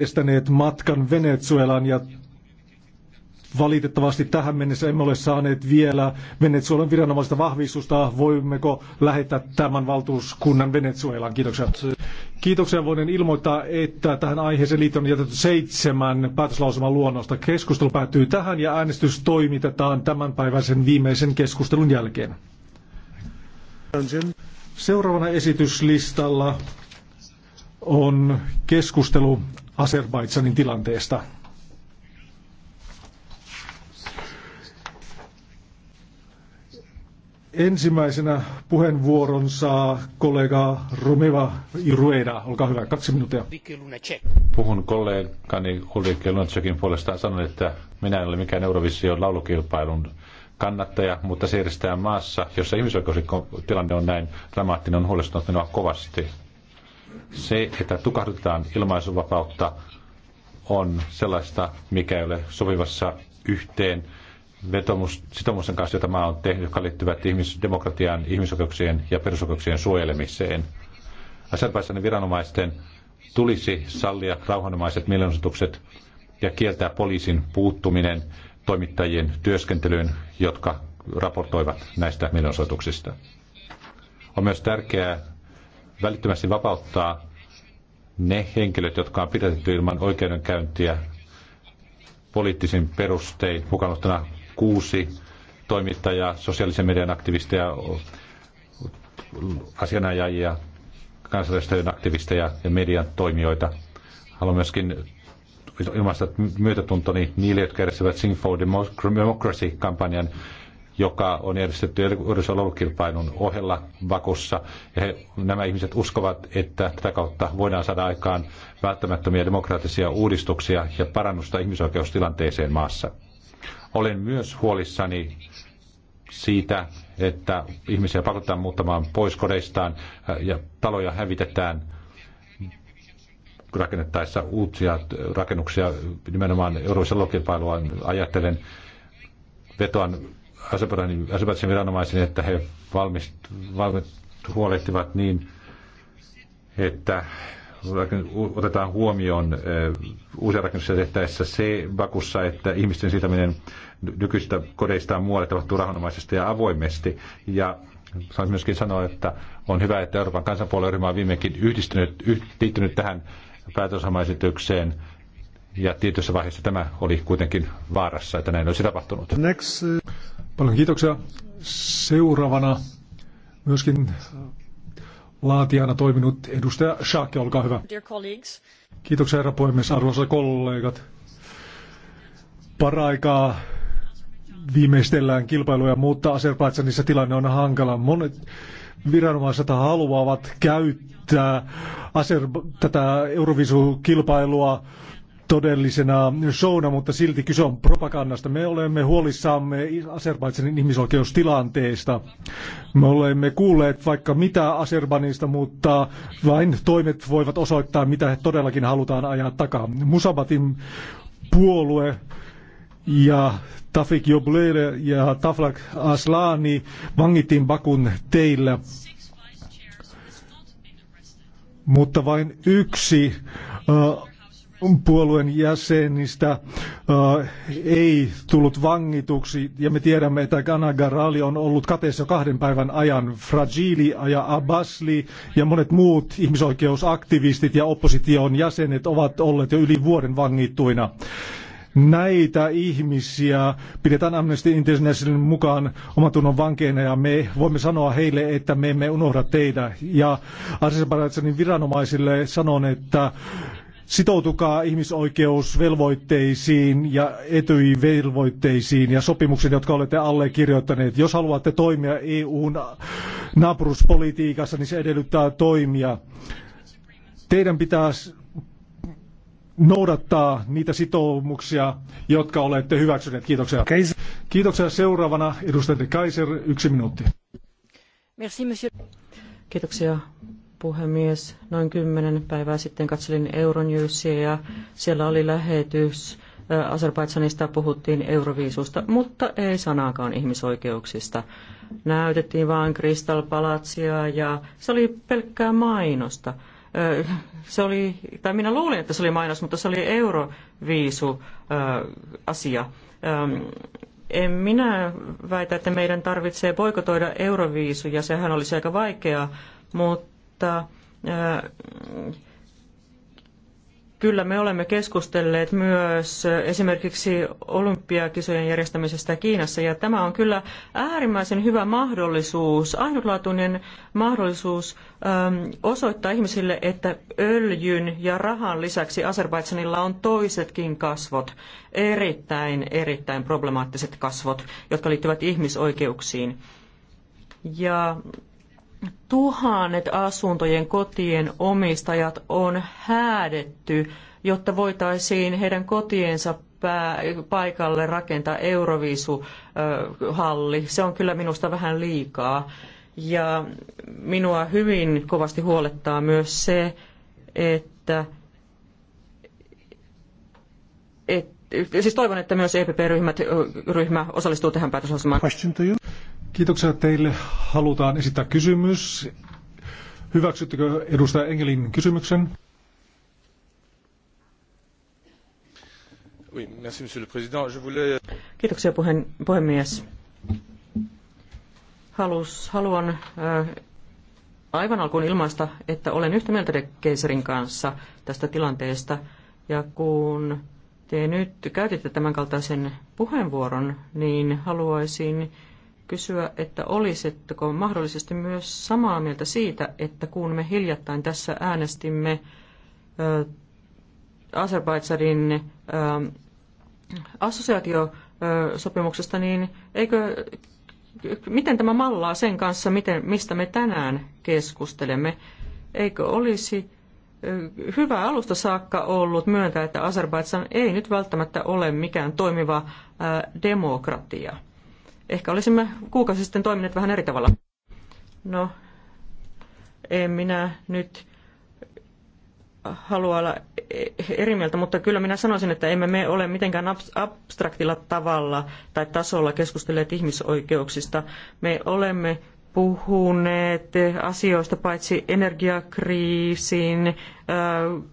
estäneet matkan Venezuelan ja valitettavasti tähän mennessä emme ole saaneet vielä Venezuelan viranomaista vahvistusta. Voimmeko lähettää tämän valtuuskunnan Venezuelaan? Kiitoksia. Kiitoksia. Voin ilmoittaa, että tähän aiheeseen liittyen on jätetty seitsemän päätöslausuman luonnosta. Keskustelu päättyy tähän ja äänestys toimitetaan tämänpäiväisen viimeisen keskustelun jälkeen. Seuraavana esityslistalla on keskustelu Azerbaidsanin tilanteesta. Ensimmäisenä puheenvuoron saa kollega Romeva Irueda. Olkaa hyvä, kaksi minuuttia. Puhun kollegani Ulrike Lunacekin puolesta sanon, että minä en ole mikään Eurovision laulukilpailun kannattaja, mutta se maassa, jossa ihmisoikeustilanne on näin dramaattinen, on huolestunut minua kovasti. Se, että tukahdutetaan ilmaisuvapautta, on sellaista, mikä ei ole sopivassa yhteen vetomus, sitoumusten kanssa, jota maa on tehnyt, jotka liittyvät ihmisdemokratian, ihmisoikeuksien ja perusoikeuksien suojelemiseen. Aserbaidsanin viranomaisten tulisi sallia rauhanomaiset mielenosoitukset ja kieltää poliisin puuttuminen toimittajien työskentelyyn, jotka raportoivat näistä mielenosoituksista. On myös tärkeää välittömästi vapauttaa ne henkilöt, jotka on pidätetty ilman oikeudenkäyntiä poliittisin perustein, mukaan kuusi toimittajaa, sosiaalisen median aktivisteja, asianajajia, kansalaisten aktivisteja ja median toimijoita. Haluan myöskin ilmaista myötätuntoni niille, jotka järjestävät Sing for Democracy-kampanjan joka on järjestetty urheilukilpailun ohella Vakussa. Ja he, nämä ihmiset uskovat, että tätä kautta voidaan saada aikaan välttämättömiä demokraattisia uudistuksia ja parannusta ihmisoikeustilanteeseen maassa. Olen myös huolissani siitä, että ihmisiä pakotetaan muuttamaan pois kodeistaan äh, ja taloja hävitetään rakennettaessa uusia rakennuksia nimenomaan Euroopan kilpailua ajattelen vetoan Azerbaidžanin viranomaisen, että he valmist, valmist, huolehtivat niin, että otetaan huomioon uusia rakennuksia tehtäessä se Bakussa, että ihmisten siirtäminen nykyistä kodeistaan muualle tapahtuu rauhanomaisesti ja avoimesti. Ja saan myöskin sanoa, että on hyvä, että Euroopan kansanpuolueryhmä on viimekin yhdistynyt, yh, liittynyt tähän päätösamaesitykseen. Ja tietyissä vaiheessa tämä oli kuitenkin vaarassa, että näin olisi tapahtunut. Next. Paljon kiitoksia. Seuraavana myöskin laatijana toiminut edustaja Schake, olkaa hyvä. Kiitoksia herra puhemies, arvoisat kollegat. Paraikaa viimeistellään kilpailuja, mutta Azerbaidsanissa tilanne on hankala. Monet viranomaiset haluavat käyttää Aser- tätä Eurovisu-kilpailua todellisena showna, mutta silti kyse on propagandasta. Me olemme huolissamme Azerbaidsanin ihmisoikeustilanteesta. Me olemme kuulleet vaikka mitä Azerbaidsanista, mutta vain toimet voivat osoittaa, mitä he todellakin halutaan ajaa takaa. Musabatin puolue ja Tafik Joblele ja Taflak Aslani vangittiin Bakun teillä. Mutta vain yksi uh, puolueen jäsenistä äh, ei tullut vangituksi. Ja me tiedämme, että Gana Garali on ollut kateessa jo kahden päivän ajan. Fragili ja Abbasli ja monet muut ihmisoikeusaktivistit ja opposition jäsenet ovat olleet jo yli vuoden vangittuina. Näitä ihmisiä pidetään Amnesty Internationalin mukaan omatunnon vankeina ja me voimme sanoa heille, että me emme unohda teitä. Ja Azerbaijanin viranomaisille sanon, että Sitoutukaa ihmisoikeusvelvoitteisiin ja etyivelvoitteisiin ja sopimuksiin, jotka olette allekirjoittaneet. Jos haluatte toimia EUn naapuruspolitiikassa, niin se edellyttää toimia. Teidän pitää noudattaa niitä sitoumuksia, jotka olette hyväksyneet. Kiitoksia. Kiitoksia. Seuraavana edustaja Kaiser, yksi minuutti. Kiitoksia puhemies. Noin kymmenen päivää sitten katselin Euronewsia ja siellä oli lähetys. Äh, Azerbaidsanista puhuttiin euroviisusta, mutta ei sanaakaan ihmisoikeuksista. Näytettiin vain kristallpalatsia ja se oli pelkkää mainosta. Äh, se oli, tai minä luulin, että se oli mainos, mutta se oli euroviisu-asia. Äh, ähm, en minä väitä, että meidän tarvitsee euroviisu euroviisuja, sehän olisi aika vaikeaa, mutta mutta kyllä me olemme keskustelleet myös esimerkiksi olympiakisojen järjestämisestä Kiinassa ja tämä on kyllä äärimmäisen hyvä mahdollisuus, ainutlaatuinen mahdollisuus osoittaa ihmisille, että öljyn ja rahan lisäksi Azerbaidsanilla on toisetkin kasvot, erittäin, erittäin problemaattiset kasvot, jotka liittyvät ihmisoikeuksiin. Ja Tuhannet asuntojen kotien omistajat on häädetty, jotta voitaisiin heidän kotiensa paikalle rakentaa Euroviisuhalli. Se on kyllä minusta vähän liikaa. Ja minua hyvin kovasti huolettaa myös se, että, et, siis toivon, että myös EPP-ryhmä osallistuu tähän päätösasemaan. Kiitoksia teille. Halutaan esittää kysymys. Hyväksyttekö edustaja Engelin kysymyksen? Kiitoksia puheen, puhemies. Halus, haluan äh, aivan alkuun ilmaista, että olen yhtä mieltä de Keiserin kanssa tästä tilanteesta. Ja kun te nyt käytitte tämän kaltaisen puheenvuoron, niin haluaisin kysyä, että olisitteko mahdollisesti myös samaa mieltä siitä, että kun me hiljattain tässä äänestimme äh, assosiaatiosopimuksesta, niin eikö, miten tämä mallaa sen kanssa, miten, mistä me tänään keskustelemme? Eikö olisi hyvä alusta saakka ollut myöntää, että Azerbaidsan ei nyt välttämättä ole mikään toimiva demokratia? Ehkä olisimme kuukausi sitten toimineet vähän eri tavalla. No, en minä nyt halua olla eri mieltä, mutta kyllä minä sanoisin, että emme me ole mitenkään abstraktilla tavalla tai tasolla keskustelleet ihmisoikeuksista. Me olemme puhuneet asioista paitsi energiakriisin,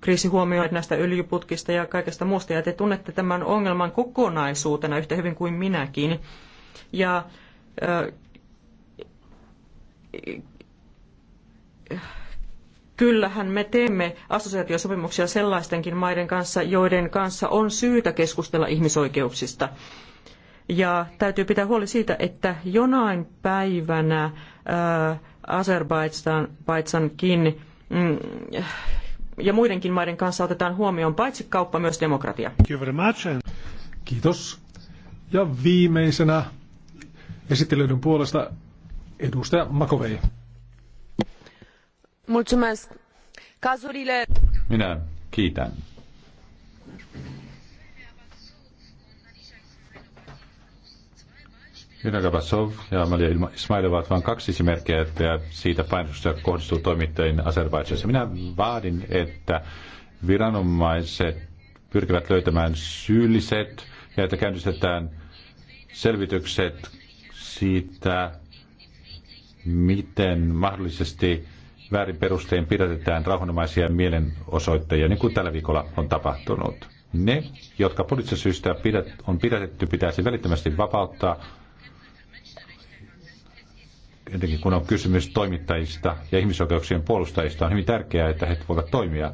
kriisi huomioi näistä öljyputkista ja kaikesta muusta, ja te tunnette tämän ongelman kokonaisuutena yhtä hyvin kuin minäkin. Ja kyllähän me teemme assosiaatiosopimuksia sellaistenkin maiden kanssa, joiden kanssa on syytä keskustella ihmisoikeuksista. Ja täytyy pitää huoli siitä, että jonain päivänä Azerbaidsankin mm, ja muidenkin maiden kanssa otetaan huomioon paitsi kauppa myös demokratia. Kiitos. Ja viimeisenä Esittelyiden puolesta edustaja Makovei. Mulțumesc. Cazurile... Minä kiitän. Minä Gabasov ja Amalia Ismail ovat vain kaksi esimerkkiä siitä painostusta, joka kohdistuu toimittajien Azerbaidžanissa. Minä vaadin, että viranomaiset pyrkivät löytämään syylliset ja että käynnistetään selvitykset siitä, miten mahdollisesti väärin perustein pidätetään rauhanomaisia mielenosoittajia, niin kuin tällä viikolla on tapahtunut. Ne, jotka poliittisesta syystä pidät, on pidätetty, pitäisi välittömästi vapauttaa, etenkin kun on kysymys toimittajista ja ihmisoikeuksien puolustajista, on hyvin tärkeää, että he voivat toimia.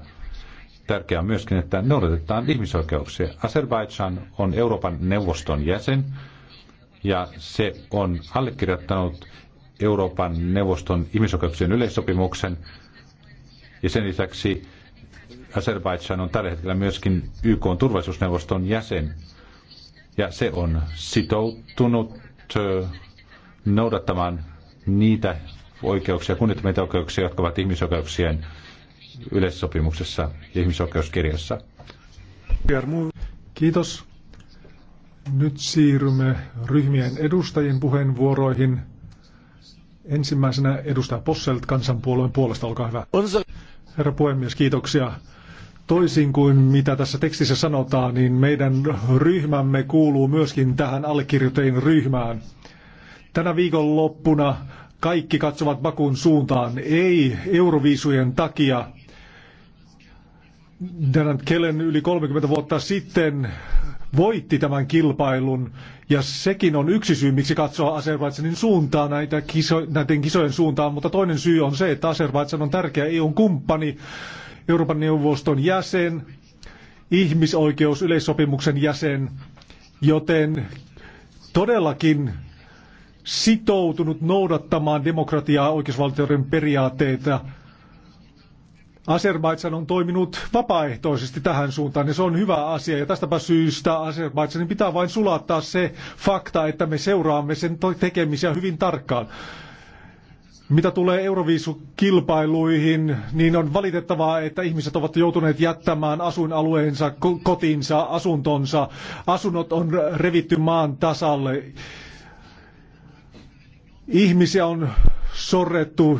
Tärkeää on myöskin, että noudatetaan ihmisoikeuksia. Azerbaidžan on Euroopan neuvoston jäsen, ja se on allekirjoittanut Euroopan neuvoston ihmisoikeuksien yleissopimuksen. Ja sen lisäksi Azerbaidžan on tällä hetkellä myöskin YK turvallisuusneuvoston jäsen. Ja se on sitoutunut noudattamaan niitä oikeuksia, kunnittamia oikeuksia, jotka ovat ihmisoikeuksien yleissopimuksessa ja ihmisoikeuskirjassa. Kiitos. Nyt siirrymme ryhmien edustajien puheenvuoroihin. Ensimmäisenä edustaja Posselt kansanpuolueen puolesta, olkaa hyvä. Herra puhemies, kiitoksia. Toisin kuin mitä tässä tekstissä sanotaan, niin meidän ryhmämme kuuluu myöskin tähän allekirjoittajien ryhmään. Tänä viikon loppuna kaikki katsovat Bakun suuntaan, ei euroviisujen takia. Dan Kellen yli 30 vuotta sitten voitti tämän kilpailun, ja sekin on yksi syy, miksi katsoa Azerbaidsanin suuntaan näitä kiso, näiden kisojen suuntaan, mutta toinen syy on se, että Azerbaidsan on tärkeä EU-kumppani, Euroopan neuvoston jäsen, ihmisoikeusyleissopimuksen jäsen, joten todellakin sitoutunut noudattamaan demokratiaa, oikeusvaltioiden periaatteita Azerbaidsan on toiminut vapaaehtoisesti tähän suuntaan ja se on hyvä asia ja tästäpä syystä Azerbaidsanin pitää vain sulattaa se fakta, että me seuraamme sen tekemisiä hyvin tarkkaan. Mitä tulee Euroviisukilpailuihin, niin on valitettavaa, että ihmiset ovat joutuneet jättämään asuinalueensa, kotinsa, asuntonsa. Asunnot on revitty maan tasalle. Ihmisiä on sorrettu,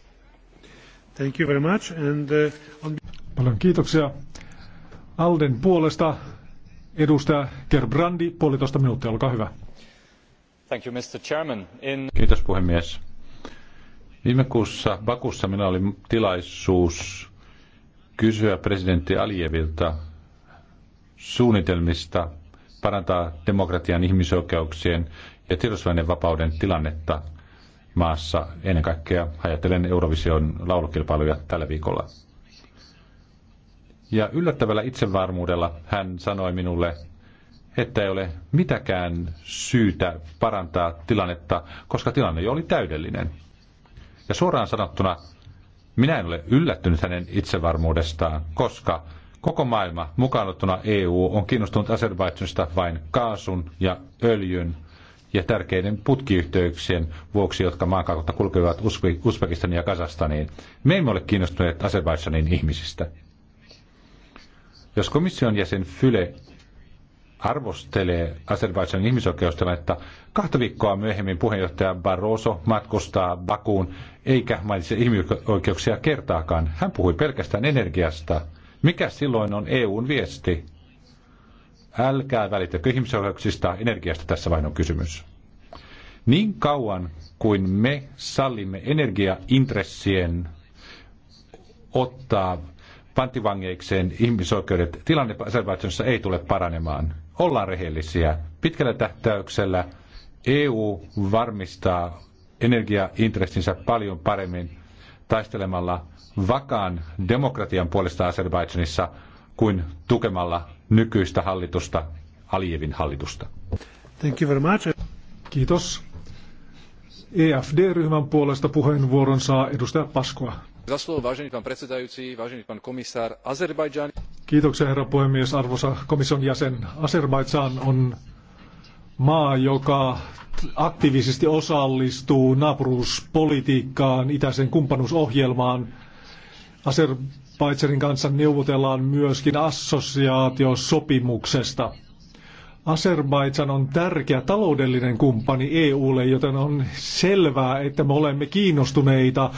Thank you very much. And, uh, on... Paljon kiitoksia. Alden puolesta edustaja Gerbrandi, puolitoista minuuttia, olkaa hyvä. Thank you, Mr. Chairman. In... Kiitos puhemies. Viime kuussa Bakussa minulla oli tilaisuus kysyä presidentti Alievilta suunnitelmista parantaa demokratian, ihmisoikeuksien ja tiedotusvälineen vapauden tilannetta maassa, ennen kaikkea ajattelen Eurovision laulukilpailuja tällä viikolla. Ja yllättävällä itsevarmuudella hän sanoi minulle, että ei ole mitäkään syytä parantaa tilannetta, koska tilanne jo oli täydellinen. Ja suoraan sanottuna, minä en ole yllättynyt hänen itsevarmuudestaan, koska koko maailma, mukaan EU, on kiinnostunut Azerbaidžanista vain kaasun ja öljyn ja tärkeiden putkiyhteyksien vuoksi, jotka maan kautta kulkevat Uzbekistaniin ja Kazastaniin, Me emme ole kiinnostuneet Azerbaidžanin ihmisistä. Jos komission jäsen Fyle arvostelee Azerbaidžanin ihmisoikeustilannetta, kahta viikkoa myöhemmin puheenjohtaja Barroso matkustaa Bakuun eikä mainitse ihmisoikeuksia kertaakaan. Hän puhui pelkästään energiasta. Mikä silloin on EUn viesti? Älkää välittäkö ihmisoikeuksista, energiasta tässä vain on kysymys. Niin kauan kuin me sallimme energiaintressien ottaa panttivangeikseen ihmisoikeudet, tilanne Azerbaidžanissa ei tule paranemaan. Ollaan rehellisiä. Pitkällä tähtäyksellä EU varmistaa energiaintressinsä paljon paremmin taistelemalla vakaan demokratian puolesta Azerbaidžanissa kuin tukemalla nykyistä hallitusta, Alijevin hallitusta. Thank you very much. Kiitos. EFD-ryhmän puolesta puheenvuoron saa edustaja Paskoa. Kiitoksia herra puhemies, arvoisa komission jäsen. Azerbaidžan on maa, joka aktiivisesti osallistuu naapuruuspolitiikkaan, itäisen kumppanuusohjelmaan. Azerbaidžan Schweizerin kanssa neuvotellaan myöskin assosiaatiosopimuksesta. Azerbaidsan on tärkeä taloudellinen kumppani EUlle, joten on selvää, että me olemme kiinnostuneita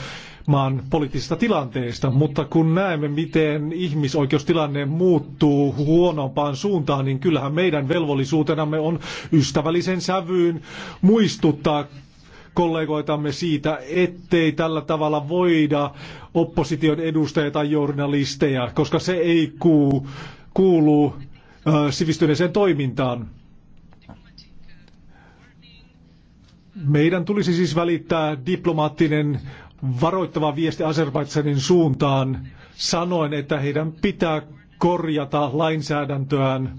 maan poliittisesta tilanteesta, mutta kun näemme, miten ihmisoikeustilanne muuttuu huonompaan suuntaan, niin kyllähän meidän velvollisuutenamme on ystävällisen sävyyn muistuttaa kollegoitamme siitä, ettei tällä tavalla voida opposition edustajia tai journalisteja, koska se ei kuulu, kuulu sivistyneeseen toimintaan. Meidän tulisi siis välittää diplomaattinen varoittava viesti Azerbaidsanin suuntaan sanoen, että heidän pitää korjata lainsäädäntöään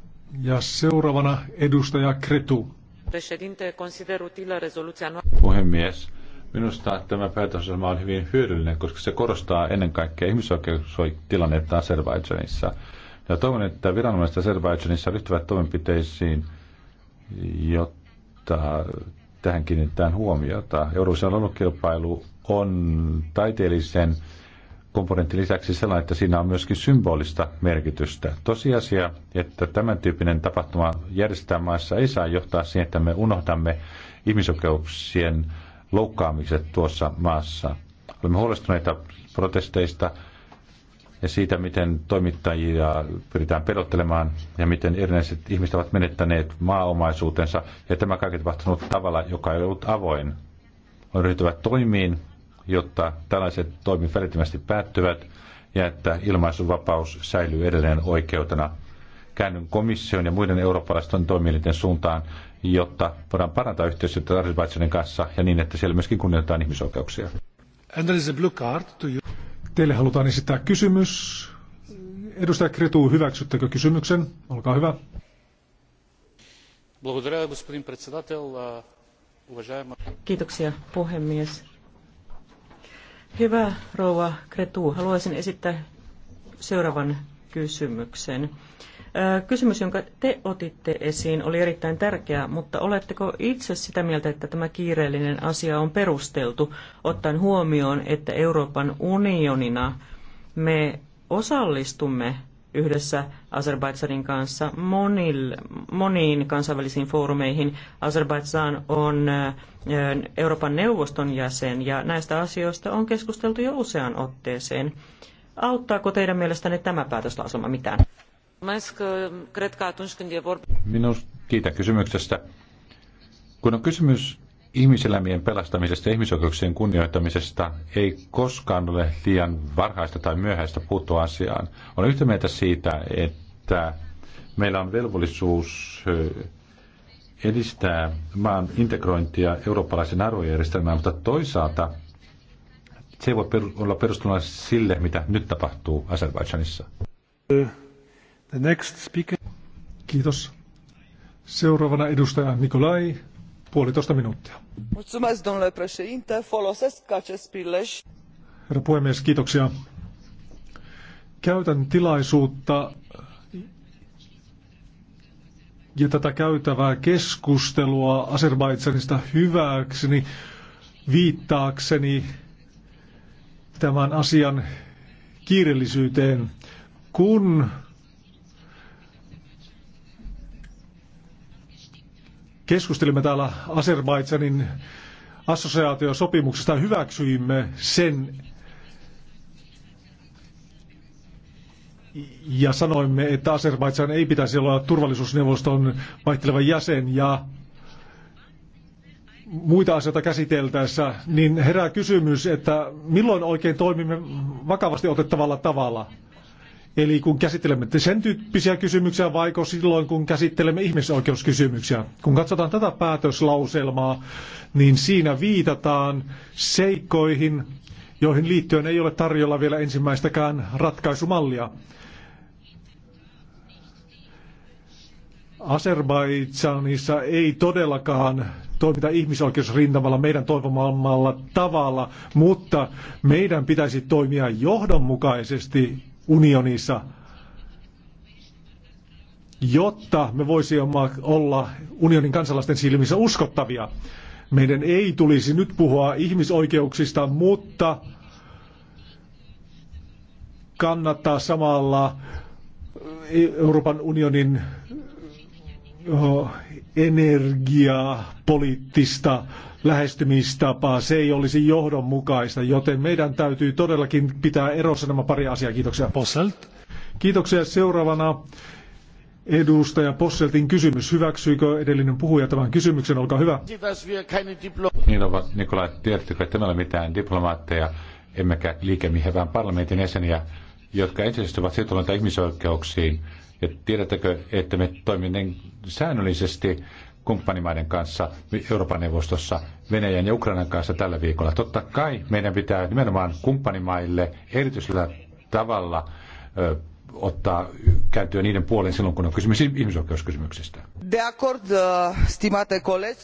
ja seuraavana edustaja Kretu. Puhemies, minusta tämä päätösasema on hyvin hyödyllinen, koska se korostaa ennen kaikkea ihmisoikeustilannetta Azerbaidžanissa. Ja toivon, että viranomaiset Azerbaidžanissa ryhtyvät toimenpiteisiin, jotta tähän kiinnitetään huomiota. Eurovision kilpailu on taiteellisen komponentti lisäksi sellainen, että siinä on myöskin symbolista merkitystä. Tosiasia, että tämän tyyppinen tapahtuma järjestetään maissa ei saa johtaa siihen, että me unohdamme ihmisoikeuksien loukkaamiset tuossa maassa. Olemme huolestuneita protesteista ja siitä, miten toimittajia pyritään pelottelemaan ja miten erinäiset ihmiset ovat menettäneet maaomaisuutensa. Ja tämä kaikki tapahtunut tavalla, joka ei ollut avoin. On ryhtyvä toimiin, jotta tällaiset toimin välittömästi päättyvät ja että ilmaisuvapaus säilyy edelleen oikeutena. Käännyn komission ja muiden eurooppalaisten toimielinten suuntaan, jotta voidaan parantaa yhteistyötä Azerbaidžanin kanssa ja niin, että siellä myöskin kunnioitetaan ihmisoikeuksia. And there is a blue card to you. Teille halutaan esittää kysymys. Edustaja Kretu, hyväksyttekö kysymyksen? Olkaa hyvä. Kiitoksia puhemies. Hyvä rouva Kretu, haluaisin esittää seuraavan kysymyksen. Kysymys, jonka te otitte esiin, oli erittäin tärkeä, mutta oletteko itse sitä mieltä, että tämä kiireellinen asia on perusteltu, ottaen huomioon, että Euroopan unionina me osallistumme yhdessä Azerbaidsanin kanssa monil, moniin kansainvälisiin foorumeihin. Azerbaidsan on eh, Euroopan neuvoston jäsen ja näistä asioista on keskusteltu jo useaan otteeseen. Auttaako teidän mielestänne tämä päätöslausuma mitään? Minus kiitän kysymyksestä. Kun on kysymys Ihmiselämien pelastamisesta ja ihmisoikeuksien kunnioittamisesta ei koskaan ole liian varhaista tai myöhäistä puuttua asiaan. Olen yhtä mieltä siitä, että meillä on velvollisuus edistää maan integrointia eurooppalaisen arvojärjestelmään, mutta toisaalta se ei voi olla perustuna sille, mitä nyt tapahtuu Azerbaidžanissa. The next speaker. Kiitos. Seuraavana edustaja Nikolai puolitoista minuuttia. Mulțumesc, domnule președinte. Folosesc acest prilej. Herra puhemies, kiitoksia. Käytän tilaisuutta ja tätä käytävää keskustelua Azerbaidsanista hyväkseni viittaakseni tämän asian kiireellisyyteen. Kun keskustelimme täällä Azerbaidsanin assosiaatiosopimuksesta ja hyväksyimme sen ja sanoimme, että Azerbaidsan ei pitäisi olla turvallisuusneuvoston vaihteleva jäsen ja muita asioita käsiteltäessä, niin herää kysymys, että milloin oikein toimimme vakavasti otettavalla tavalla. Eli kun käsittelemme sen tyyppisiä kysymyksiä, vaiko silloin kun käsittelemme ihmisoikeuskysymyksiä. Kun katsotaan tätä päätöslauselmaa, niin siinä viitataan seikkoihin, joihin liittyen ei ole tarjolla vielä ensimmäistäkään ratkaisumallia. Azerbaidsanissa ei todellakaan toimita ihmisoikeusrintamalla meidän toivomalla tavalla, mutta meidän pitäisi toimia johdonmukaisesti unionissa, jotta me voisimme olla unionin kansalaisten silmissä uskottavia. Meidän ei tulisi nyt puhua ihmisoikeuksista, mutta kannattaa samalla Euroopan unionin oh, energiapoliittista lähestymistapaa. Se ei olisi johdonmukaista, joten meidän täytyy todellakin pitää erossa nämä pari asiaa. Kiitoksia. Posselt. Kiitoksia. Seuraavana Edustaja Posseltin kysymys. Hyväksyykö edellinen puhuja tämän kysymyksen? Olkaa hyvä. Niin ovat, Nikola tiedättekö, että me ole mitään diplomaatteja, emmekä liikemiehen, vaan parlamentin jäseniä, jotka ensisijaisesti ovat sitoutuneita ihmisoikeuksiin. Ja tiedättekö, että me toimimme niin säännöllisesti kumppanimaiden kanssa Euroopan neuvostossa Venäjän ja Ukrainan kanssa tällä viikolla. Totta kai meidän pitää nimenomaan kumppanimaille erityisellä tavalla ö, ottaa käyttöön niiden puolen silloin, kun on kysymys ihmisoikeuskysymyksistä. De acord, stimate colegi,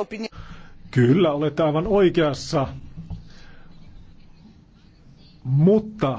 opinion... Kyllä, olet aivan oikeassa. Mutta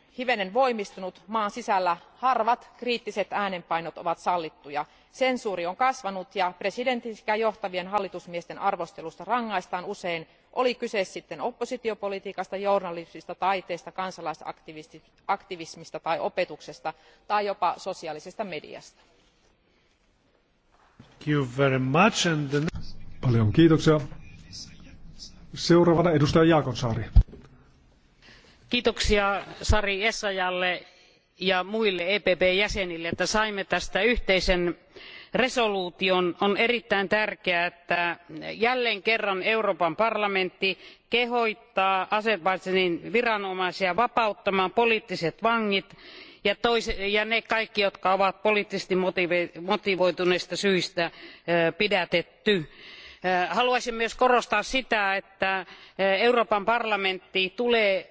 hivenen voimistunut maan sisällä harvat kriittiset äänenpainot ovat sallittuja. sensuuri on kasvanut ja presidentin sekä johtavien hallitusmiesten arvostelusta rangaistaan usein oli kyse sitten oppositiopolitiikasta journalismista taiteesta kansalaisaktivismista tai opetuksesta tai jopa sosiaalisesta mediasta. Paljon kiitoksia. Seuraavana edustaja Jaakonsaari kiitoksia sari essayahlle ja muille epp n jäsenille että saimme tästä yhteisen päätöslauselman. on erittäin tärkeää että jälleen kerran euroopan parlamentti kehottaa azerbaidanin viranomaisia vapauttamaan poliittiset vangit ja ne kaikki jotka on poliittisesti motivoituneista syistä pidätetty. haluaisin myös korostaa sitä että euroopan parlamentti tulee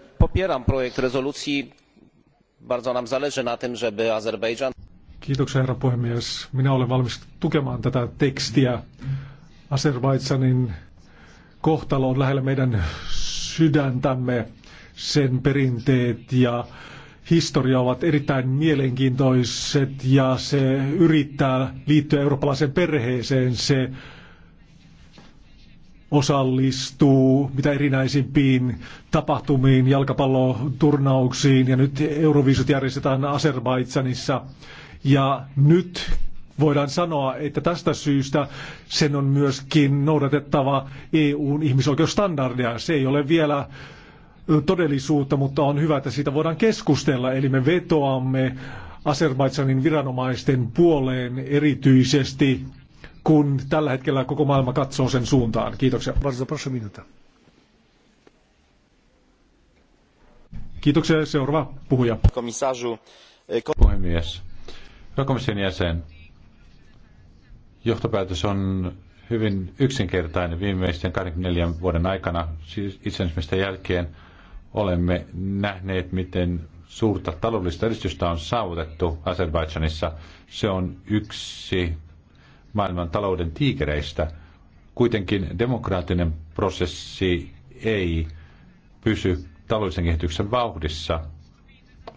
popieram projekt rezolucji. Bardzo nam zależy na tym, żeby Azerbejdżan... Kiitoksia herra puhemies. Minä olen valmis tukemaan tätä tekstiä. Azerbaidsanin kohtalo on lähellä meidän sydäntämme. Sen perinteet ja historia ovat erittäin mielenkiintoiset ja se yrittää liittyä eurooppalaiseen perheeseen. Se osallistuu mitä erinäisimpiin tapahtumiin, jalkapalloturnauksiin ja nyt Euroviisut järjestetään Azerbaidsanissa. Ja nyt voidaan sanoa, että tästä syystä sen on myöskin noudatettava EUn ihmisoikeusstandardeja. Se ei ole vielä todellisuutta, mutta on hyvä, että siitä voidaan keskustella. Eli me vetoamme Azerbaidsanin viranomaisten puoleen erityisesti kun tällä hetkellä koko maailma katsoo sen suuntaan. Kiitoksia. Kiitoksia. Seuraava puhuja. Komissaaju. E, Puhemies. Hyvä komission jäsen. Johtopäätös on hyvin yksinkertainen viimeisten 24 vuoden aikana, siis itsenäisyydestä jälkeen, olemme nähneet, miten suurta taloudellista edistystä on saavutettu Azerbaidžanissa. Se on yksi maailman talouden tiikereistä. Kuitenkin demokraattinen prosessi ei pysy taloudellisen kehityksen vauhdissa.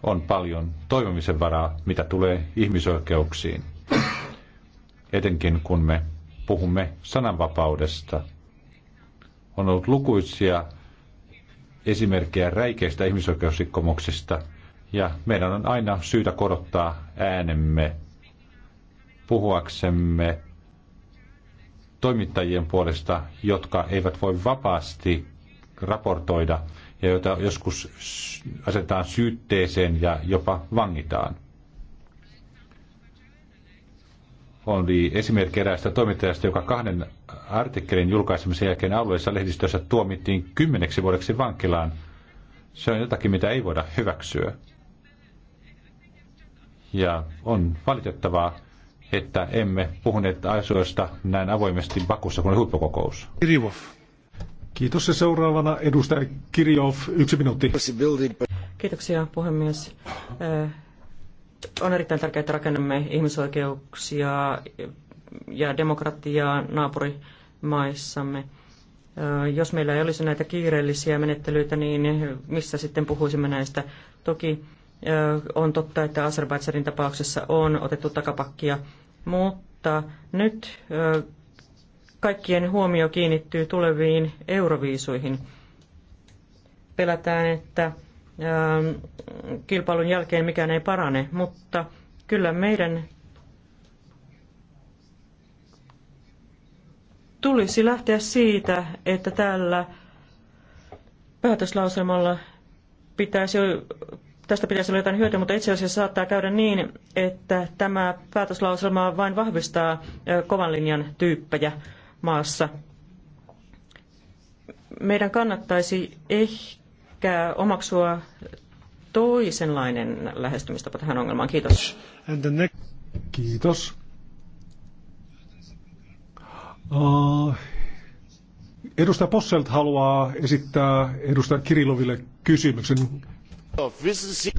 On paljon toimimisen varaa, mitä tulee ihmisoikeuksiin. Etenkin kun me puhumme sananvapaudesta. On ollut lukuisia esimerkkejä räikeistä ihmisoikeusrikkomuksista, ja meidän on aina syytä korottaa äänemme puhuaksemme toimittajien puolesta, jotka eivät voi vapaasti raportoida ja joita joskus asetetaan syytteeseen ja jopa vangitaan. Oli esimerkki eräästä toimittajasta, joka kahden artikkelin julkaisemisen jälkeen alueessa lehdistössä tuomittiin kymmeneksi vuodeksi vankilaan. Se on jotakin, mitä ei voida hyväksyä. Ja on valitettavaa, että emme puhuneet asioista näin avoimesti Bakussa kuin huippukokous. Kirjov. Kiitos ja seuraavana edustaja Kirjov, yksi minuutti. Kiitoksia puhemies. Äh, on erittäin tärkeää, että rakennamme ihmisoikeuksia ja demokratiaa naapurimaissamme. Äh, jos meillä ei olisi näitä kiireellisiä menettelyitä, niin missä sitten puhuisimme näistä? Toki äh, on totta, että Azerbaidsanin tapauksessa on otettu takapakkia mutta nyt kaikkien huomio kiinnittyy tuleviin euroviisuihin. Pelätään, että kilpailun jälkeen mikään ei parane, mutta kyllä meidän tulisi lähteä siitä, että tällä päätöslauselmalla pitäisi tästä pitäisi olla jotain hyötyä, mutta itse asiassa saattaa käydä niin, että tämä päätöslauselma vain vahvistaa kovan linjan tyyppejä maassa. Meidän kannattaisi ehkä omaksua toisenlainen lähestymistapa tähän ongelmaan. Kiitos. Kiitos. Uh, edustaja Posselt haluaa esittää edustaja Kiriloville kysymyksen.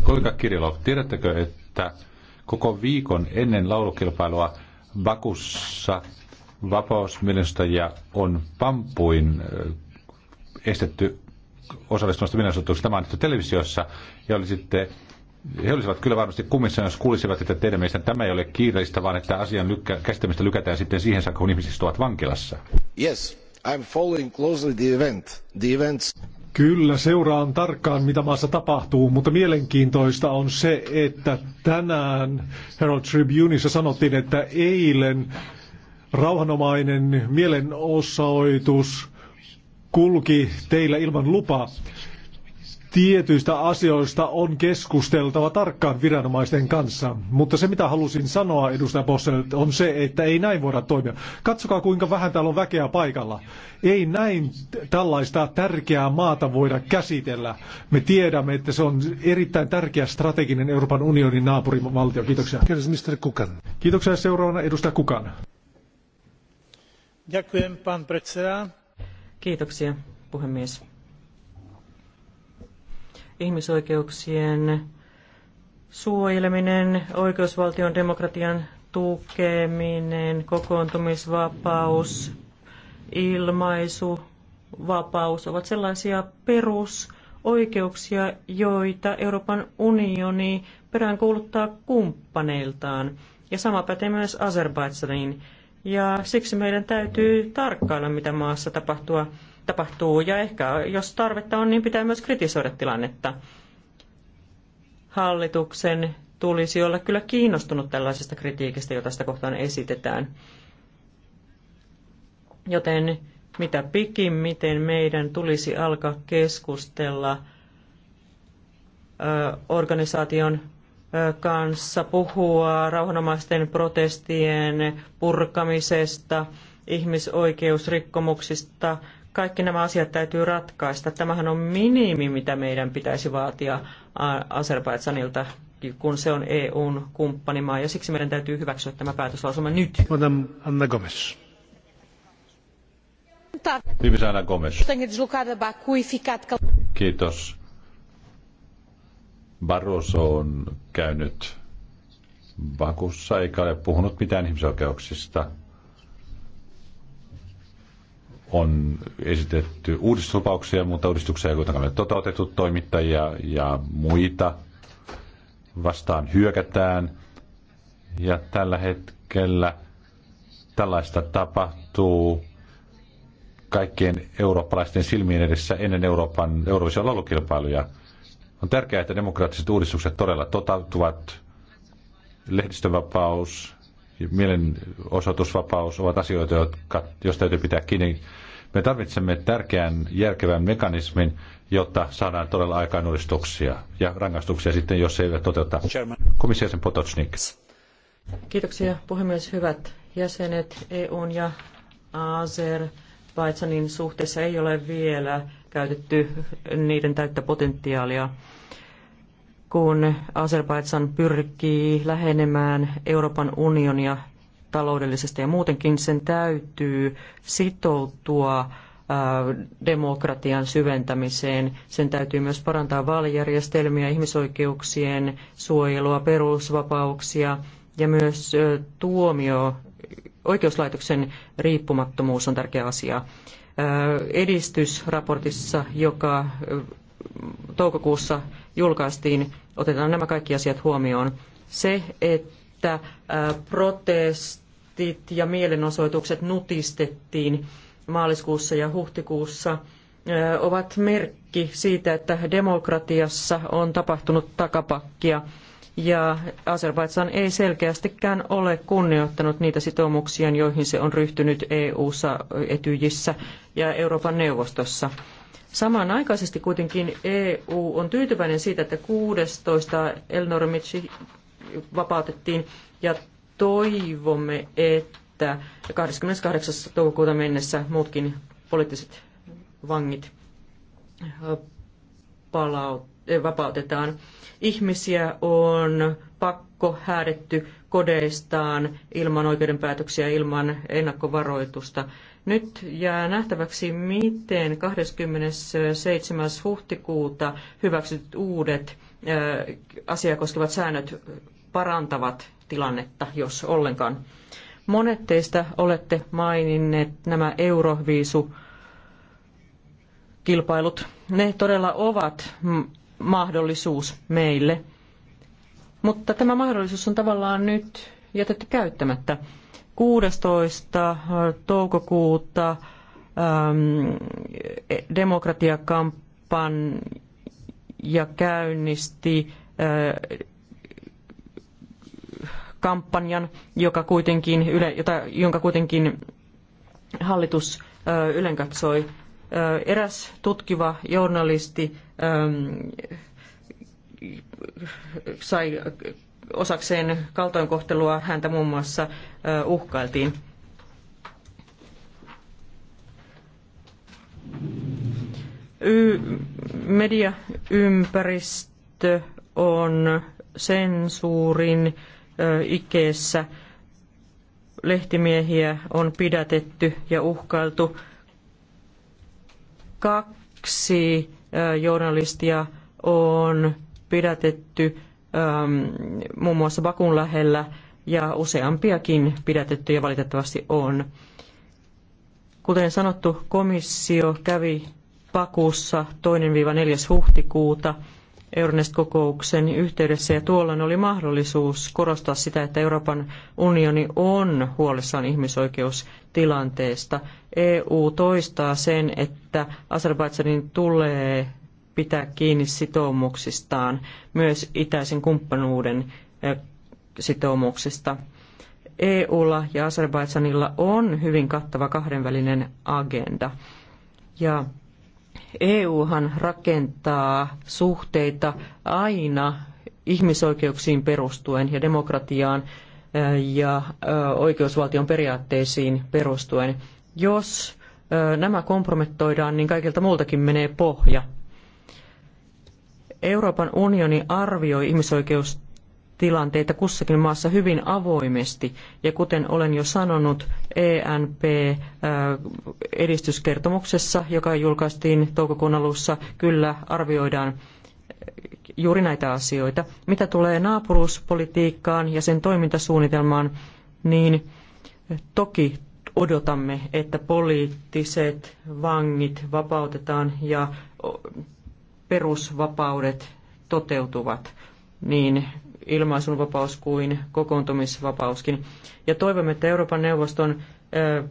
Kollega Kirilov, tiedättekö, että koko viikon ennen laulukilpailua Bakussa vapausmielenosoittajia on pampuin eh, estetty osallistumasta mielenosoitukseen. Tämä on nyt televisiossa ja oli sitten he olisivat kyllä varmasti kummissa, jos kuulisivat, että teidän mielestä tämä ei ole kiireellistä, vaan että asian lykkä, käsittämistä lykätään sitten siihen saakka, kun ihmiset ovat vankilassa. Yes, I'm following closely the event. The events... Kyllä, seuraan tarkkaan, mitä maassa tapahtuu, mutta mielenkiintoista on se, että tänään Herald Tribuneissa sanottiin, että eilen rauhanomainen mielenosoitus kulki teillä ilman lupaa tietyistä asioista on keskusteltava tarkkaan viranomaisten kanssa. Mutta se, mitä halusin sanoa edustaja Posselt, on se, että ei näin voida toimia. Katsokaa, kuinka vähän täällä on väkeä paikalla. Ei näin tällaista tärkeää maata voida käsitellä. Me tiedämme, että se on erittäin tärkeä strateginen Euroopan unionin naapurivaltio. Kiitoksia. Kiitos, Mr. Kukan. Kiitoksia seuraavana edustaja Kukan. Kiitoksia, puhemies ihmisoikeuksien suojeleminen, oikeusvaltion demokratian tukeminen, kokoontumisvapaus, ilmaisu, vapaus ovat sellaisia perusoikeuksia, joita Euroopan unioni peräänkuuluttaa kumppaneiltaan. Ja sama pätee myös Azerbaidsaniin. Ja siksi meidän täytyy tarkkailla, mitä maassa tapahtuu tapahtuu ja ehkä jos tarvetta on, niin pitää myös kritisoida tilannetta. Hallituksen tulisi olla kyllä kiinnostunut tällaisesta kritiikistä, jota tästä kohtaan esitetään. Joten mitä pikimmiten meidän tulisi alkaa keskustella organisaation kanssa, puhua rauhanomaisten protestien purkamisesta, ihmisoikeusrikkomuksista, kaikki nämä asiat täytyy ratkaista. Tämähän on minimi, mitä meidän pitäisi vaatia Azerbaidsanilta, kun se on EUn kumppanimaa, ja siksi meidän täytyy hyväksyä tämä päätöslausuma nyt. Madame Anna Gomes. Anna Gomes. E Kiitos. Barroso on käynyt Bakussa eikä ole puhunut mitään ihmisoikeuksista on esitetty uudistuslupauksia, mutta uudistuksia ei kuitenkaan ole toteutettu toimittajia ja muita vastaan hyökätään. Ja tällä hetkellä tällaista tapahtuu kaikkien eurooppalaisten silmien edessä ennen Euroopan euroisia laulukilpailuja. On tärkeää, että demokraattiset uudistukset todella toteutuvat. Lehdistönvapaus, mielenosoitusvapaus ovat asioita, jotka, jos täytyy pitää kiinni. Me tarvitsemme tärkeän järkevän mekanismin, jotta saadaan todella aikaan uudistuksia ja rangaistuksia sitten, jos ei ole toteuttaa. Komissiasen Potocnik. Kiitoksia puhemies. Hyvät jäsenet EUn ja Azerbaidsanin suhteessa ei ole vielä käytetty niiden täyttä potentiaalia kun Azerbaidsan pyrkii lähenemään Euroopan unionia taloudellisesti ja muutenkin sen täytyy sitoutua äh, demokratian syventämiseen. Sen täytyy myös parantaa vaalijärjestelmiä, ihmisoikeuksien suojelua, perusvapauksia ja myös tuomio, oikeuslaitoksen riippumattomuus on tärkeä asia. Edistysraportissa, joka toukokuussa julkaistiin, otetaan nämä kaikki asiat huomioon. Se, että protestit ja mielenosoitukset nutistettiin maaliskuussa ja huhtikuussa, ovat merkki siitä, että demokratiassa on tapahtunut takapakkia ja Azerbaidsan ei selkeästikään ole kunnioittanut niitä sitoumuksia, joihin se on ryhtynyt EU-ssa, Etyjissä ja Euroopan neuvostossa. Samanaikaisesti kuitenkin EU on tyytyväinen siitä, että 16 Elnor Mitsi vapautettiin ja toivomme, että 28. toukokuuta mennessä muutkin poliittiset vangit palaut- vapautetaan. Ihmisiä on pakko häädetty kodeistaan ilman oikeudenpäätöksiä, ilman ennakkovaroitusta. Nyt jää nähtäväksi, miten 27. huhtikuuta hyväksytyt uudet äh, asiaa koskevat säännöt parantavat tilannetta, jos ollenkaan. Monet teistä olette maininneet nämä euroviisu kilpailut. Ne todella ovat mahdollisuus meille. Mutta tämä mahdollisuus on tavallaan nyt jätetty käyttämättä. 16. Äh, toukokuuta ähm, demokratiakampanja käynnisti äh, kampanjan, joka kuitenkin, jota, jonka kuitenkin hallitus äh, ylenkatsoi. Eräs tutkiva journalisti ähm, sai osakseen kaltoinkohtelua häntä muun muassa uhkailtiin. Y- mediaympäristö on sensuurin ikeessä. Lehtimiehiä on pidätetty ja uhkailtu. Kaksi journalistia on pidätetty Ähm, muun muassa Bakun lähellä ja useampiakin pidätettyjä valitettavasti on. Kuten sanottu, komissio kävi Pakussa 2-4. huhtikuuta Euronest-kokouksen yhteydessä ja tuolloin oli mahdollisuus korostaa sitä, että Euroopan unioni on huolissaan ihmisoikeustilanteesta. EU toistaa sen, että Azerbaidsanin tulee pitää kiinni sitoumuksistaan, myös itäisen kumppanuuden sitoumuksista. EUlla ja Azerbaidsanilla on hyvin kattava kahdenvälinen agenda. Ja EUhan rakentaa suhteita aina ihmisoikeuksiin perustuen ja demokratiaan ja oikeusvaltion periaatteisiin perustuen. Jos nämä kompromettoidaan, niin kaikilta muultakin menee pohja. Euroopan unioni arvioi ihmisoikeustilanteita kussakin maassa hyvin avoimesti. Ja kuten olen jo sanonut, ENP-edistyskertomuksessa, äh, joka julkaistiin toukokuun alussa, kyllä arvioidaan äh, juuri näitä asioita. Mitä tulee naapuruuspolitiikkaan ja sen toimintasuunnitelmaan, niin äh, toki odotamme, että poliittiset vangit vapautetaan ja perusvapaudet toteutuvat, niin ilmaisunvapaus kuin kokoontumisvapauskin. Ja toivomme, että Euroopan neuvoston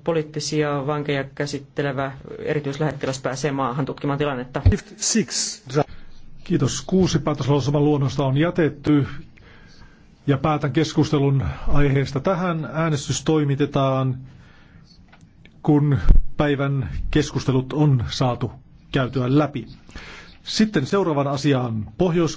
poliittisia vankeja käsittelevä erityislähettiläs pääsee maahan tutkimaan tilannetta. Kiitos. Kuusi päätöslausuman luonnosta on jätetty ja päätän keskustelun aiheesta tähän. Äänestys toimitetaan, kun päivän keskustelut on saatu käytyä läpi. Sitten seuraavaan asiaan. Pohjois